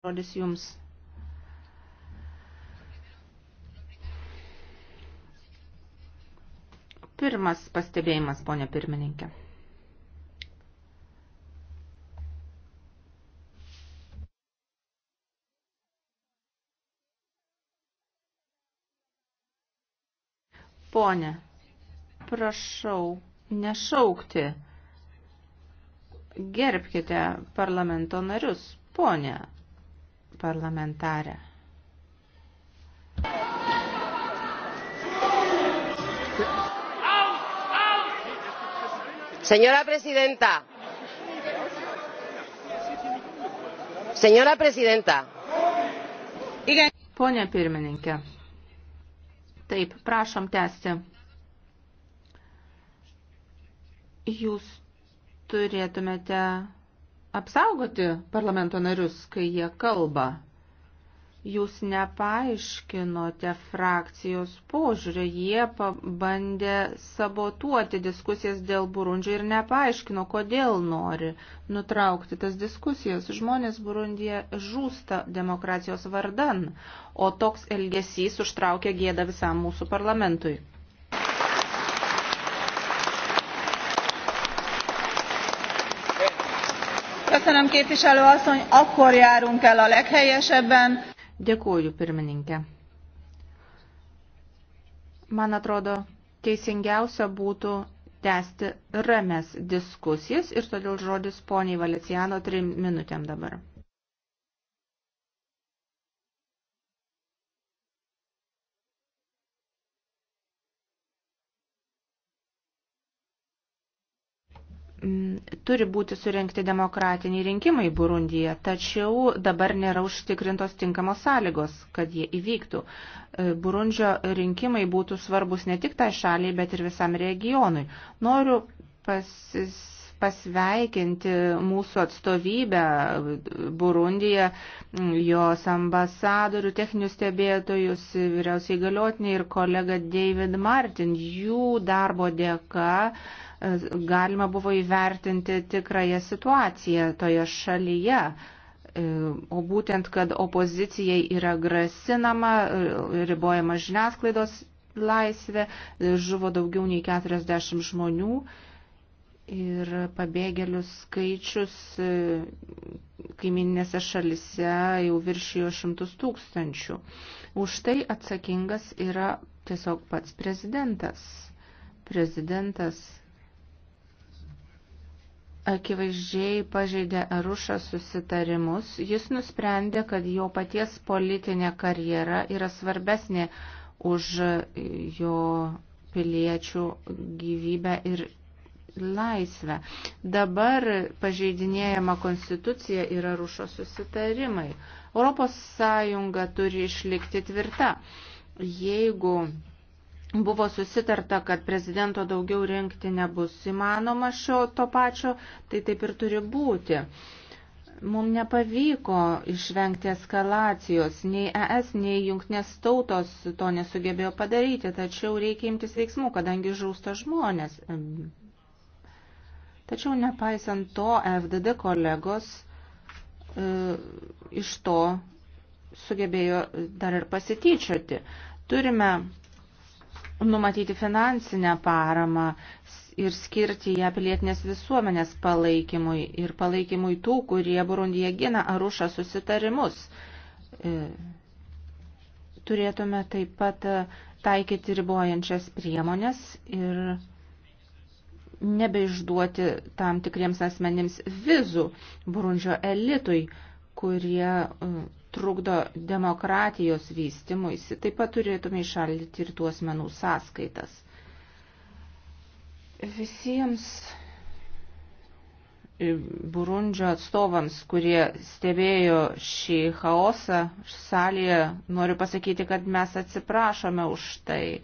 rodys jums. Pirmas pastebėjimas, ponė pirmininkė. Pone, prašau nešaukti. Gerbkite parlamento narius, ponė parlamentarę. Señora presidenta. Señora presidenta. Pone pirmininkė. Taip, prašom tęsti. Jūs turėtumėte apsaugoti parlamento narius, kai jie kalba. Jūs nepaaiškinote frakcijos požiūrio, jie pabandė sabotuoti diskusijas dėl Burundžio ir nepaaiškino, kodėl nori nutraukti tas diskusijas. Žmonės Burundija žūsta demokratijos vardan, o toks elgesys užtraukia gėdą visam mūsų parlamentui. Köszönöm, képviselő asszony, akkor járunk el a leghelyesebben. Dėkuoju, pirmininkė. Man atrodo, teisingiausia būtų tęsti rames diskusijas ir todėl žodis poniai Valiciano trim minutėm dabar. Mm, turi būti surenkti demokratiniai rinkimai Burundija, tačiau dabar nėra užtikrintos tinkamos sąlygos, kad jie įvyktų. E, Burundžio rinkimai būtų svarbus ne tik tai šaliai, bet ir visam regionui. Noriu pasis, pasveikinti mūsų atstovybę Burundiją, mm, jos ambasadorių, techninius stebėtojus, vyriausiai galiotiniai ir kolega David Martin. Jų darbo dėka galima buvo įvertinti tikrąją situaciją toje šalyje. E, o būtent, kad opozicijai yra grasinama, e, ribojama žiniasklaidos laisvė, žuvo daugiau nei 40 žmonių ir pabėgėlių skaičius e, kaiminėse šalise jau viršijo šimtus tūkstančių. Už tai atsakingas yra tiesiog pats prezidentas. Prezidentas akivaizdžiai pažeidė Arušą susitarimus, jis nusprendė, kad jo paties politinė karjera yra svarbesnė už jo piliečių gyvybę ir laisvę. Dabar pažeidinėjama konstitucija yra rušo susitarimai. Europos Sąjunga turi išlikti tvirta. Jeigu buvo susitarta, kad prezidento daugiau rinkti nebus įmanoma šio to pačio, tai taip ir turi būti. Mums nepavyko išvengti eskalacijos, nei ES, nei jungtinės tautos to nesugebėjo padaryti, tačiau reikia imtis veiksmų, kadangi žūsta žmonės. Tačiau nepaisant to, FDD kolegos e, iš to sugebėjo dar ir pasityčioti. Turime numatyti finansinę paramą ir skirti ją pilietinės visuomenės palaikymui ir palaikymui tų, kurie Burundija gina ar ruša susitarimus. E, turėtume taip pat e, taikyti ribojančias priemonės ir nebeišduoti tam tikriems asmenims vizų Burundžio elitui, kurie e, trukdo demokratijos vystimuisi, taip pat turėtume išaldyti ir tuos menų sąskaitas. Visiems Burundžio atstovams, kurie stebėjo šį chaosą salėje, noriu pasakyti, kad mes atsiprašome už tai.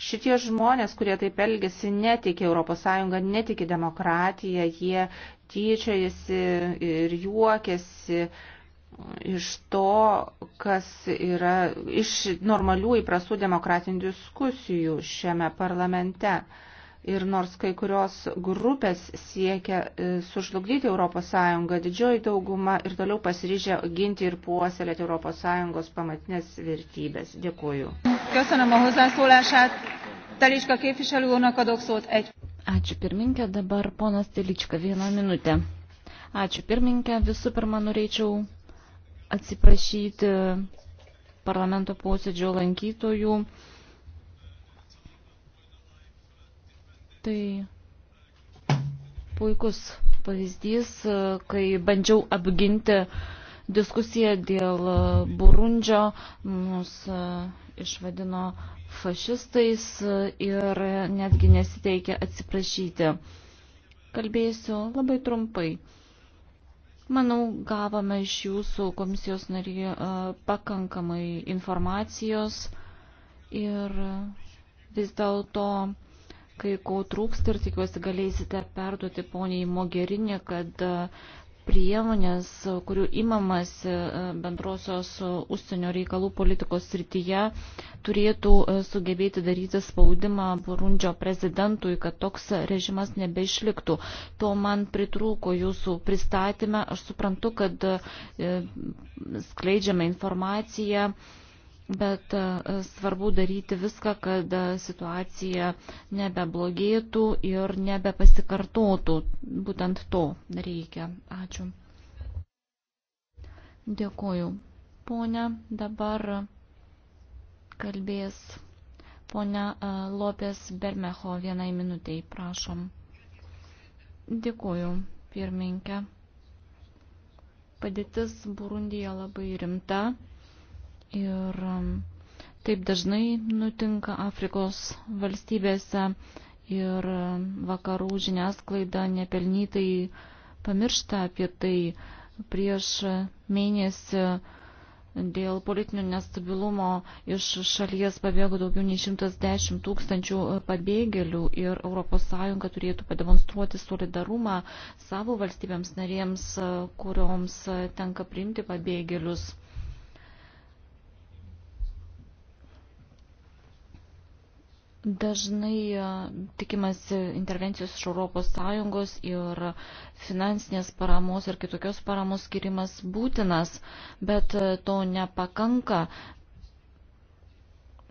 Šitie žmonės, kurie taip elgesi, netiki ES, netiki demokratiją, jie tyčiojasi ir juokiasi iš to, kas yra iš normalių įprastų demokratinių diskusijų šiame parlamente. Ir nors kai kurios grupės siekia e, sužlugdyti ES, didžioji dauguma ir toliau pasiryžę ginti ir puoselėti ES pamatinės vertybės. Dėkuoju. Ačiū pirminkė, dabar ponas Telička, vieną minutę. Ačiū pirminkė, visų pirma norėčiau atsiprašyti parlamento posėdžio lankytojų. Tai puikus pavyzdys, kai bandžiau apginti diskusiją dėl Burundžio, mus išvadino fašistais ir netgi nesiteikė atsiprašyti. Kalbėsiu labai trumpai. Manau, gavome iš jūsų komisijos narių e, pakankamai informacijos ir vis dėlto kai ko trūksta ir tikiuosi galėsite perduoti poniai Mogerinė, kad priemonės, kurių imamasi e, bendrosios užsienio reikalų politikos srityje, turėtų e, sugebėti daryti spaudimą Burundžio prezidentui, kad toks režimas nebeišliktų. To man pritrūko jūsų pristatymę. Aš suprantu, kad e, skleidžiame informaciją bet e, svarbu daryti viską, kad e, situacija nebeblogėtų ir nebepasikartotų. Būtent to reikia. Ačiū. Dėkuoju. Pone, dabar kalbės ponia e, Lopės Bermeho vienai minutiai, prašom. Dėkuoju, pirmininkė. Padėtis Burundija labai rimta. Ir um, taip dažnai nutinka Afrikos valstybėse ir um, vakarų žiniasklaida nepelnytai pamiršta apie tai prieš mėnesį. Dėl politinio nestabilumo iš šalies pabėgo daugiau nei 110 tūkstančių pabėgėlių ir ES turėtų pademonstruoti solidarumą savo valstybėms narėms, kurioms tenka priimti pabėgėlius. Dažnai e, tikimasi intervencijos iš ES ir finansinės paramos ir kitokios paramos skirimas būtinas, bet e, to nepakanka.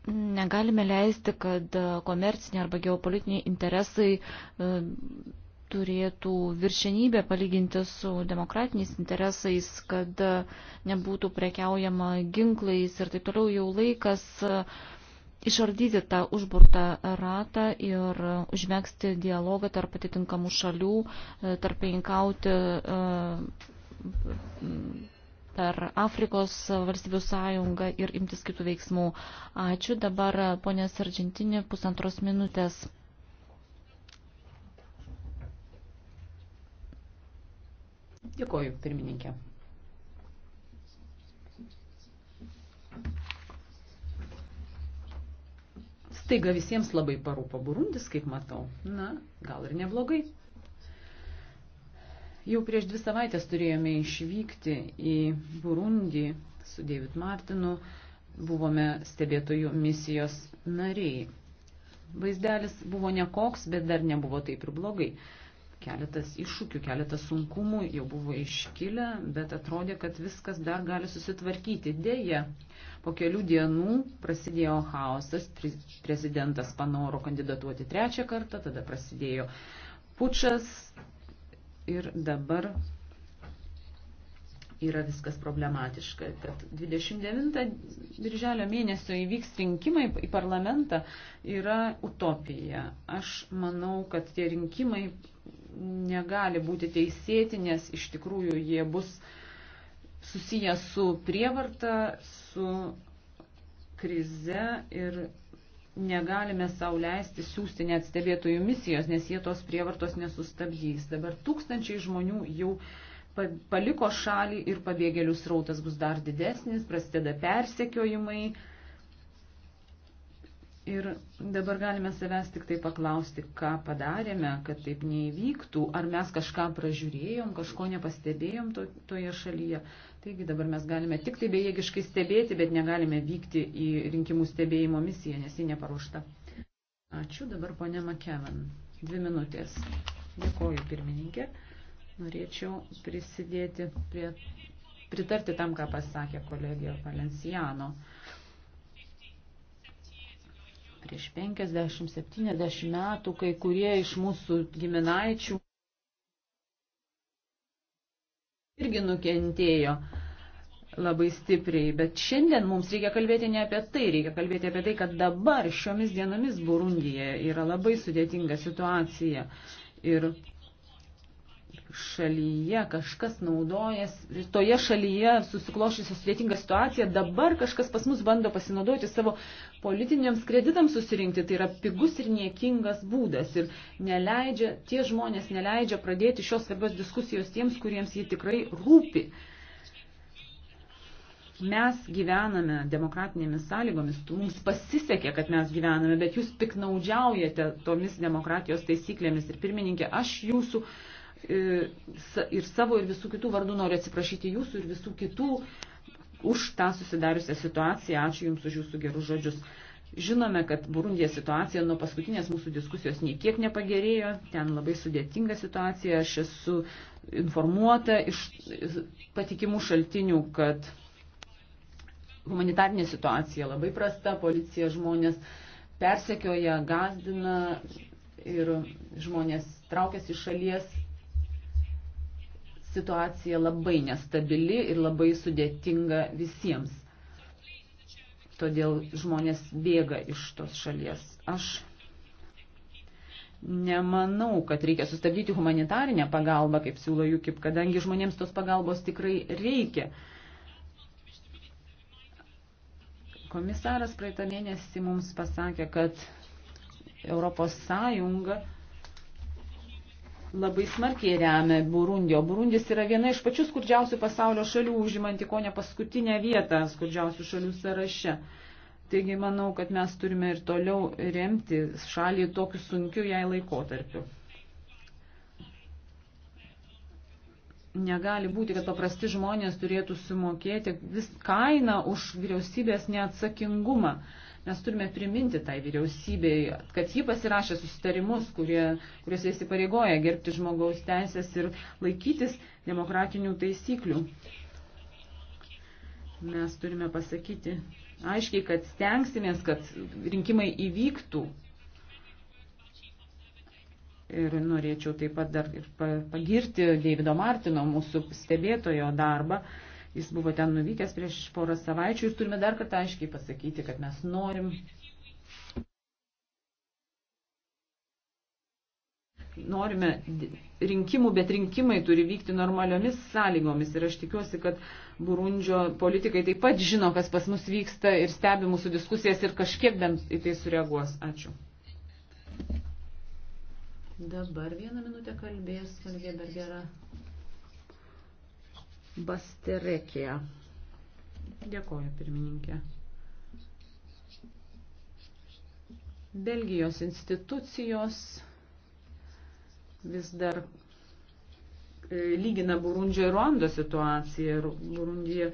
Negalime leisti, kad e, komerciniai arba geopolitiniai interesai turėtų viršenybę palyginti su demokratiniais interesais, kad nebūtų prekiaujama ginklais ir taip toliau jau laikas išardyti tą užburtą ratą ir užmėgsti dialogą tarp atitinkamų šalių, e, tarpininkauti e, per Afrikos valstybių sąjungą ir imtis kitų veiksmų. Ačiū. Dabar e, ponės Argentinė pusantros minutės. Dėkoju, pirmininkė. Staiga visiems labai parūpo Burundis, kaip matau. Na, gal ir neblogai. Jau prieš dvi savaitės turėjome išvykti į Burundį su David Martinu, buvome stebėtojų misijos nariai. Vaizdelis buvo nekoks, bet dar nebuvo taip ir blogai. Keletas iššūkių, keletas sunkumų jau buvo iškilę, bet atrodė, kad viskas dar gali susitvarkyti. Deja, Po kelių dienų prasidėjo chaosas, prezidentas panoro kandidatuoti trečią kartą, tada prasidėjo pučas ir dabar yra viskas problematiška. Tad 29 birželio mėnesio įvyks rinkimai į parlamentą yra utopija. Aš manau, kad tie rinkimai negali būti teisėti, nes iš tikrųjų jie bus uh, susijęs su prievarta, su krize ir negalime sauliaisti siūsti net stebėtojų misijos, nes jie tos prievartos nesustabdys. Dabar tūkstančiai žmonių jau paliko šalį ir pabėgėlių srautas bus dar didesnis, prasideda persekiojimai, Ir dabar galime savęs tik tai paklausti, ką padarėme, kad taip neįvyktų, ar mes kažką pražiūrėjom, kažko nepastebėjom to, toje šalyje. Taigi dabar mes galime tik tai bejėgiškai stebėti, bet negalime vykti į rinkimų stebėjimo misiją, nes ji neparuošta. Ačiū dabar ponė Makevan. Dvi minutės. Dėkoju pirmininkė. Norėčiau prisidėti prie, pritarti tam, ką pasakė kolegija Valenciano. Uh, Prieš 50-70 metų kai kurie iš mūsų giminaičių irgi nukentėjo labai stipriai, bet šiandien mums reikia kalbėti ne apie tai, reikia kalbėti apie tai, kad dabar šiomis dienomis Burundija yra labai sudėtinga situacija ir šalyje kažkas naudojas, toje šalyje susiklošusi sudėtinga situacija, dabar kažkas pas mus bando pasinaudoti savo politiniams kreditams susirinkti, tai yra pigus ir niekingas būdas ir neleidžia, tie žmonės neleidžia pradėti šios svarbios diskusijos tiems, kuriems jie tikrai rūpi. Mes gyvename demokratinėmis sąlygomis, mums pasisekė, kad mes gyvename, bet jūs piknaudžiaujate tomis demokratijos taisyklėmis ir pirmininkė, aš jūsų uh, E, ir savo ir visų kitų vardų noriu atsiprašyti jūsų ir visų kitų už tą susidariusią situaciją. Ačiū Jums už Jūsų gerus žodžius. Žinome, kad Burundija situacija nuo paskutinės mūsų diskusijos nei kiek nepagerėjo, ten labai sudėtinga situacija, aš esu informuota iš patikimų šaltinių, kad humanitarnė situacija labai prasta, policija žmonės persekioja, gazdina ir žmonės traukiasi iš šalies situacija labai nestabili ir labai sudėtinga visiems. Todėl žmonės bėga iš tos šalies. Aš nemanau, kad reikia sustabdyti humanitarinę pagalbą, kaip siūlo Jukip, kadangi žmonėms tos pagalbos tikrai reikia. Komisaras praeitą mėnesį mums pasakė, kad Europos Sąjunga labai smarkiai remia Burundio. Burundis yra viena iš pačių skurdžiausių pasaulio šalių, užimanti ko ne paskutinę vietą skurdžiausių šalių sąraše. Taigi manau, kad mes turime ir toliau remti šalį tokiu sunkiu jai laikotarpiu. Negali būti, kad paprasti žmonės turėtų sumokėti vis kainą už vyriausybės neatsakingumą. Uh, Mes turime priminti tai vyriausybei, kad ji pasirašė susitarimus, kurie, kuriuose įsipareigoja gerbti žmogaus teisės ir laikytis demokratinių taisyklių. Mes turime pasakyti aiškiai, kad stengsimės, kad rinkimai įvyktų. Ir norėčiau taip pat dar ir pagirti Davido Martino, mūsų stebėtojo darbą. Uh, Jis buvo ten nuvykęs prieš porą savaičių ir turime dar kartą aiškiai pasakyti, kad mes norim. Norime rinkimų, bet rinkimai turi vykti normaliomis sąlygomis ir aš tikiuosi, kad Burundžio politikai taip pat žino, kas pas mus vyksta ir stebi mūsų diskusijas ir kažkiek bent į tai sureaguos. Ačiū. Dabar vieną minutę kalbės Olivija Bergera. Basterekija. Dėkoju, pirmininkė. Belgijos institucijos vis dar e, lygina Burundžio ir Ruando situaciją. Ir Burundija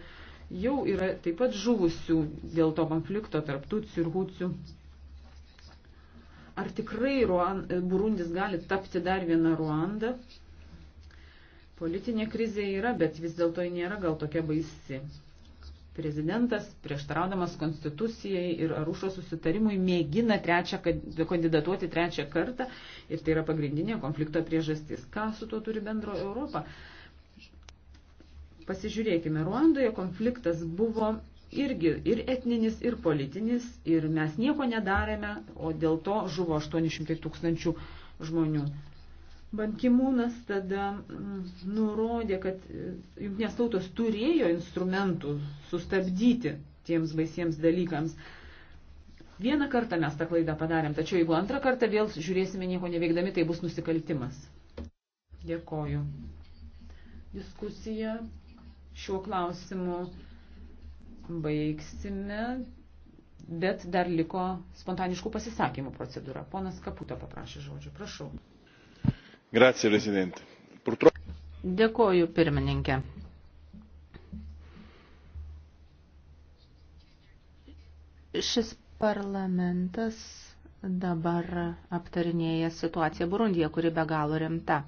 jau yra taip pat žuvusių dėl to konflikto tarp tucių ir hucių. Ar tikrai Ruan, Burundis gali tapti dar vieną Ruandą? Politinė krizė yra, bet vis dėlto ji nėra gal tokia baisi. Prezidentas, prieštaraudamas konstitucijai ir Arušo susitarimui, mėgina trečią, kandidatuoti trečią kartą ir tai yra pagrindinė konflikto priežastis. Ką su tuo turi bendro Europą? Pasižiūrėkime, Ruandoje konfliktas buvo irgi ir etninis, ir politinis, ir mes nieko nedarėme, o dėl to žuvo 800 tūkstančių žmonių. Bankimūnas tada mm, nurodė, kad e, jungtinės tautos turėjo instrumentų sustabdyti tiems baisiems dalykams. Vieną kartą mes tą klaidą padarėm, tačiau jeigu antrą kartą vėl žiūrėsime nieko neveikdami, tai bus nusikaltimas. Dėkoju. Diskusiją šiuo klausimu baigsime, bet dar liko spontaniškų pasisakymų procedūra. Ponas Kaputo paprašė žodžio. Prašau. Grazie, prezidente. Purtro... Dėkoju, pirmininkė. Šis parlamentas dabar aptarinėja situaciją Burundiją, kuri be galo rimta.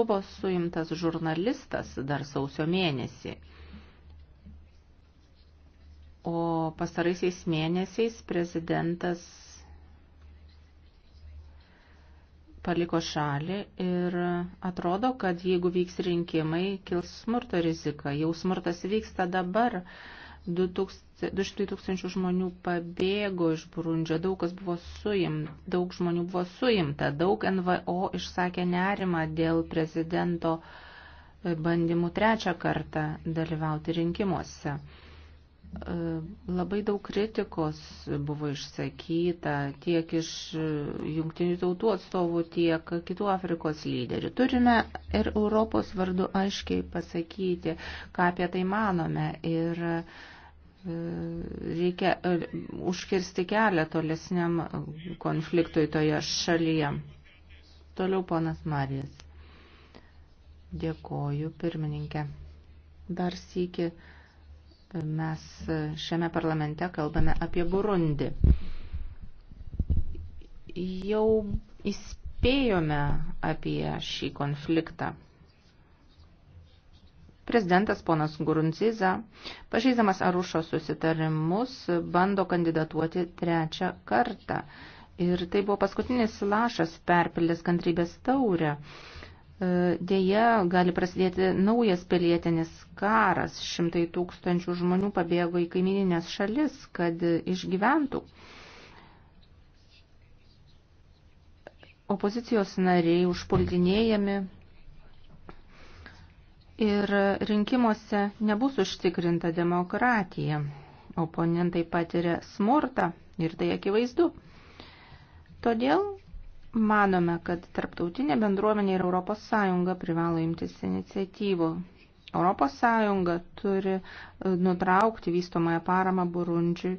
Buvo suimtas žurnalistas dar sausio mėnesį. O pastaraisiais mėnesiais prezidentas paliko šalį ir atrodo, kad jeigu vyks rinkimai, kils smurto rizika. Jau smurtas vyksta dabar. 200 tūkstančių žmonių pabėgo iš Burundžio, daug kas buvo suimta, daug žmonių buvo suimta, daug NVO išsakė nerimą dėl prezidento bandymų trečią kartą dalyvauti rinkimuose. Labai daug kritikos buvo išsakyta tiek iš e, jungtinių tautų atstovų, tiek kitų Afrikos lyderių. Turime ir Europos vardu aiškiai pasakyti, ką apie tai manome. Ir e, reikia e, užkirsti kelią tolesniam konfliktui toje šalyje. Toliau ponas Marijas. Dėkoju, pirmininkė. Dar sėki. Sykį mes šiame parlamente kalbame apie Burundi. Jau įspėjome apie šį konfliktą. Prezidentas ponas Gurunciza, pažeidamas Arušo susitarimus, bando kandidatuoti trečią kartą. Ir tai buvo paskutinis lašas perpildęs kantrybės taurę. E, Deja, gali prasidėti naujas pilietinis karas. Šimtai tūkstančių žmonių pabėgo į kaimininės šalis, kad išgyventų. Opozicijos nariai užpuldinėjami ir rinkimuose nebus užtikrinta demokratija. Oponentai patiria smurtą ir tai akivaizdu. Todėl Manome, kad tarptautinė bendruomenė ir ES privalo imtis iniciatyvų. ES turi e, nutraukti vystomąją paramą Burundžiui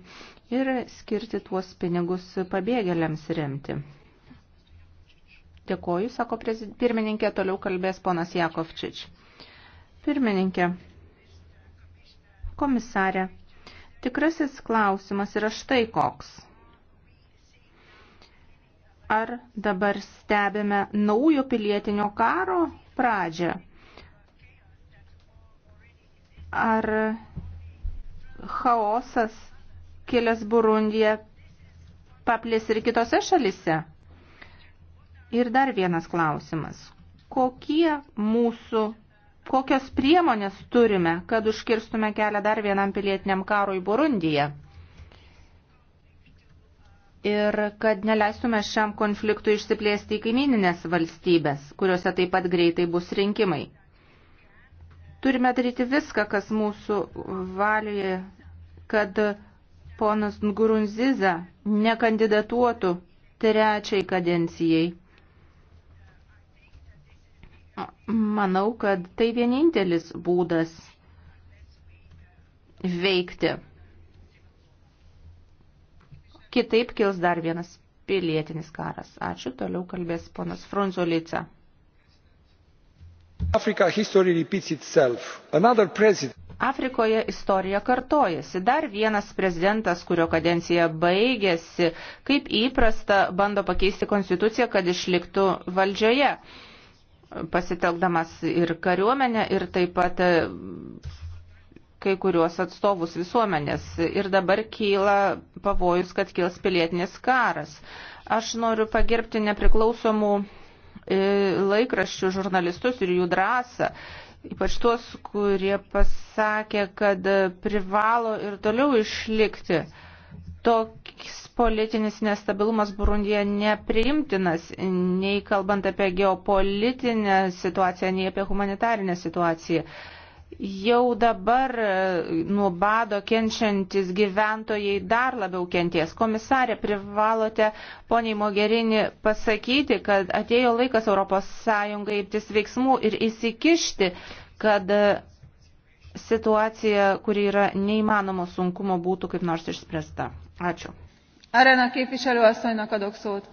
ir skirti tuos pinigus pabėgėliams remti. Dėkoju, sako pirmininkė, toliau kalbės ponas Jakovčič. Pirmininkė, komisarė, tikrasis klausimas yra štai koks ar dabar stebime naujo pilietinio karo pradžią? Ar chaosas kilęs Burundija paplės ir kitose šalise? Ir dar vienas klausimas. Kokie mūsų, kokios priemonės turime, kad užkirstume kelią dar vienam pilietiniam karui Burundyje? ir kad neleistume šiam konfliktui išsiplėsti į kaimininės valstybės, kuriuose taip pat greitai bus rinkimai. Turime daryti viską, kas mūsų valioje, kad ponas Ngurunziza nekandidatuotų trečiai kadencijai. Manau, kad tai vienintelis būdas veikti. Kitaip kils dar vienas pilietinis karas. Ačiū, toliau kalbės ponas Frunzulica. Afrikoje istorija kartojasi. Dar vienas prezidentas, kurio kadencija baigėsi, kaip įprasta, bando pakeisti konstituciją, kad išliktų valdžioje pasitelkdamas ir kariuomenę, ir taip pat kai kuriuos atstovus visuomenės. Ir dabar kyla pavojus, kad kils pilietinis karas. Aš noriu pagerbti nepriklausomų e, laikraščių žurnalistus ir jų drąsą ypač tuos, kurie pasakė, kad privalo ir toliau išlikti. Toks politinis nestabilumas Burundija nepriimtinas, nei kalbant apie geopolitinę situaciją, nei apie humanitarinę situaciją. Jau dabar e, nuo bado kenčiantis gyventojai dar labiau kenties. Komisarė, privalote poniai Mogerini pasakyti, kad atėjo laikas ES imtis veiksmų ir įsikišti, kad e, situacija, kuri yra neįmanomo sunkumo, būtų kaip nors išspręsta. Ačiū. Arena képviselő asszonynak adok szót.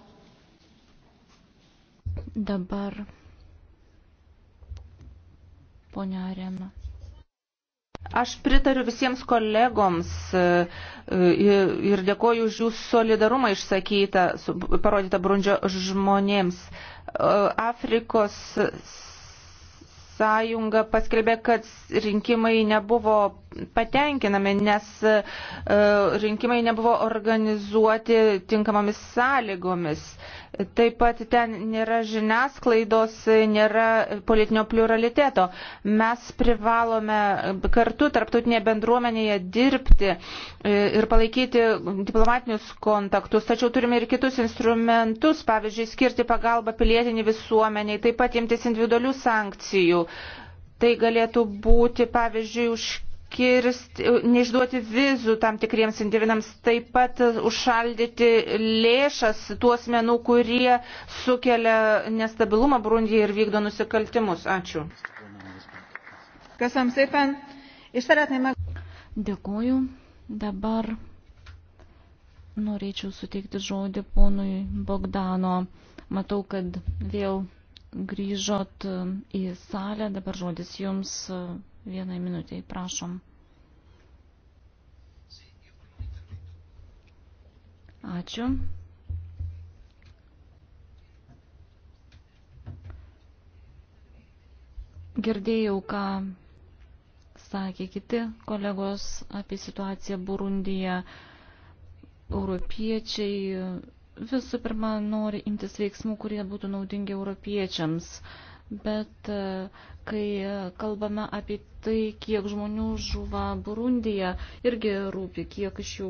Dabar. Ponia Arena. Aš pritariu visiems kolegoms e, e, ir dėkoju už jų solidarumą išsakytą, parodytą Brundžio žmonėms. E, Afrikos sąjunga paskelbė, kad rinkimai nebuvo patenkinami, nes e, rinkimai nebuvo organizuoti tinkamomis sąlygomis. Taip pat ten nėra žiniasklaidos, nėra politinio pluraliteto. Mes privalome kartu tarptautinėje bendruomenėje dirbti e, ir palaikyti diplomatinius kontaktus, tačiau turime ir kitus instrumentus, pavyzdžiui, skirti pagalbą pilietinį visuomeniai, taip pat imtis individualių sankcijų. Tai galėtų būti, pavyzdžiui, už kirsti, neišduoti vizų tam tikriems individams, taip pat užšaldyti lėšas tuos menų, kurie sukelia nestabilumą Brundyje ir vykdo nusikaltimus. Ačiū. Dėkuoju. Dabar norėčiau suteikti žodį ponui Bogdano. Matau, kad vėl grįžot į salę. Dabar žodis jums Vienai minutiai, prašom. Ačiū. Girdėjau, ką sakė kiti kolegos apie situaciją Burundyje. Europiečiai visų pirma nori imtis veiksmų, kurie būtų naudingi europiečiams. Uh, Bet e, kai kalbame apie tai, kiek žmonių žuva Burundija, irgi rūpi, kiek iš jų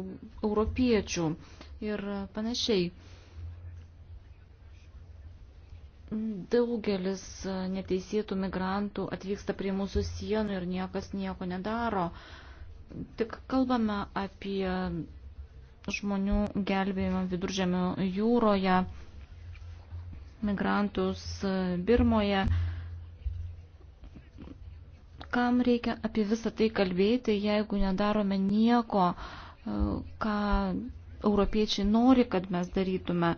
europiečių ir panašiai. Daugelis neteisėtų migrantų atvyksta prie mūsų sienų ir niekas nieko nedaro. Tik kalbame apie žmonių gelbėjimą viduržėmio jūroje migrantus e, Birmoje. Kam reikia apie visą tai kalbėti, jeigu nedarome nieko, e, ką europiečiai nori, kad mes darytume.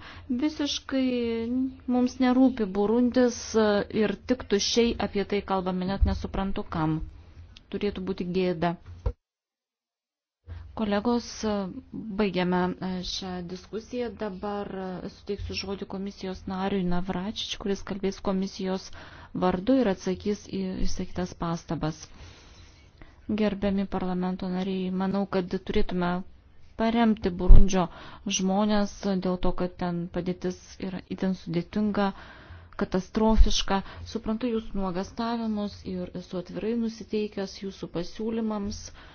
Visiškai mums nerūpi Burundis e, ir tik tušiai apie tai kalbame, net nesuprantu kam. Turėtų būti gėda. Kolegos, baigiame e, šią diskusiją. Dabar e, suteiksiu žodį komisijos nariui Navračič, kuris kalbės komisijos vardu ir atsakys į išsakytas pastabas. Gerbiami parlamento nariai, manau, kad turėtume paremti Burundžio žmonės dėl to, kad ten padėtis yra itin sudėtinga, katastrofiška. Suprantu jūsų nuogastavimus ir esu atvirai nusiteikęs jūsų pasiūlymams. Uh,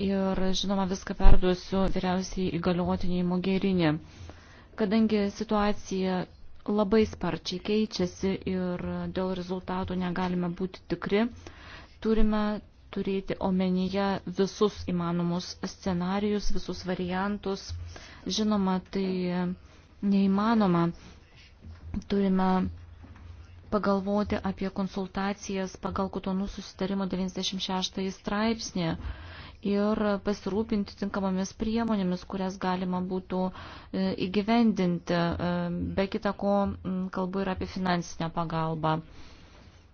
ir žinoma viską perduosiu vyriausiai įgaliuotiniai Mogerinė. Kadangi situacija labai sparčiai keičiasi ir dėl rezultatų negalime būti tikri, turime turėti omenyje visus įmanomus scenarius, visus variantus. Žinoma, tai neįmanoma. Turime pagalvoti apie konsultacijas pagal Kutonų susitarimo 96 straipsnį ir pasirūpinti tinkamomis priemonėmis, kurias galima būtų e, įgyvendinti. E, be kita ko, kalbu ir apie finansinę pagalbą.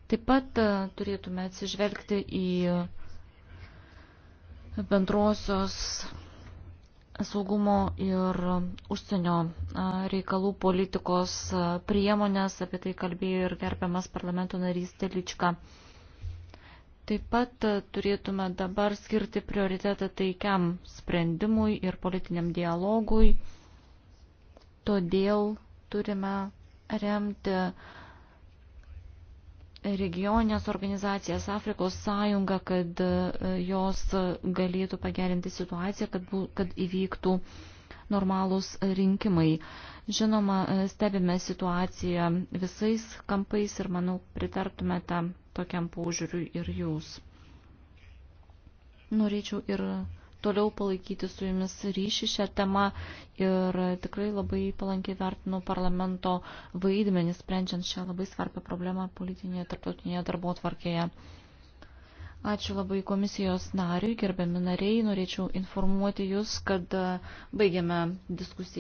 Taip pat e, turėtume atsižvelgti į bendrosios saugumo ir užsienio reikalų politikos priemonės, apie tai kalbėjo ir gerbiamas parlamento narys Telička. Taip pat e, turėtume dabar skirti prioritetą taikiam sprendimui ir politiniam dialogui. Todėl turime remti regioninės organizacijas Afrikos sąjungą, kad e, jos galėtų pagerinti situaciją, kad, bu, kad įvyktų normalūs rinkimai. Žinoma, e, stebime situaciją visais kampais ir, manau, pritartumėte tokiam paužiūriui ir jūs. Norėčiau ir toliau palaikyti su jumis ryšį šią temą ir tikrai labai palankiai vertinu parlamento vaidmenį sprendžiant šią labai svarbią problemą politinėje tarptautinėje darbo tvarkėje. Ačiū labai komisijos nariui, gerbiami nariai, norėčiau informuoti Jūs, kad baigiame diskusiją.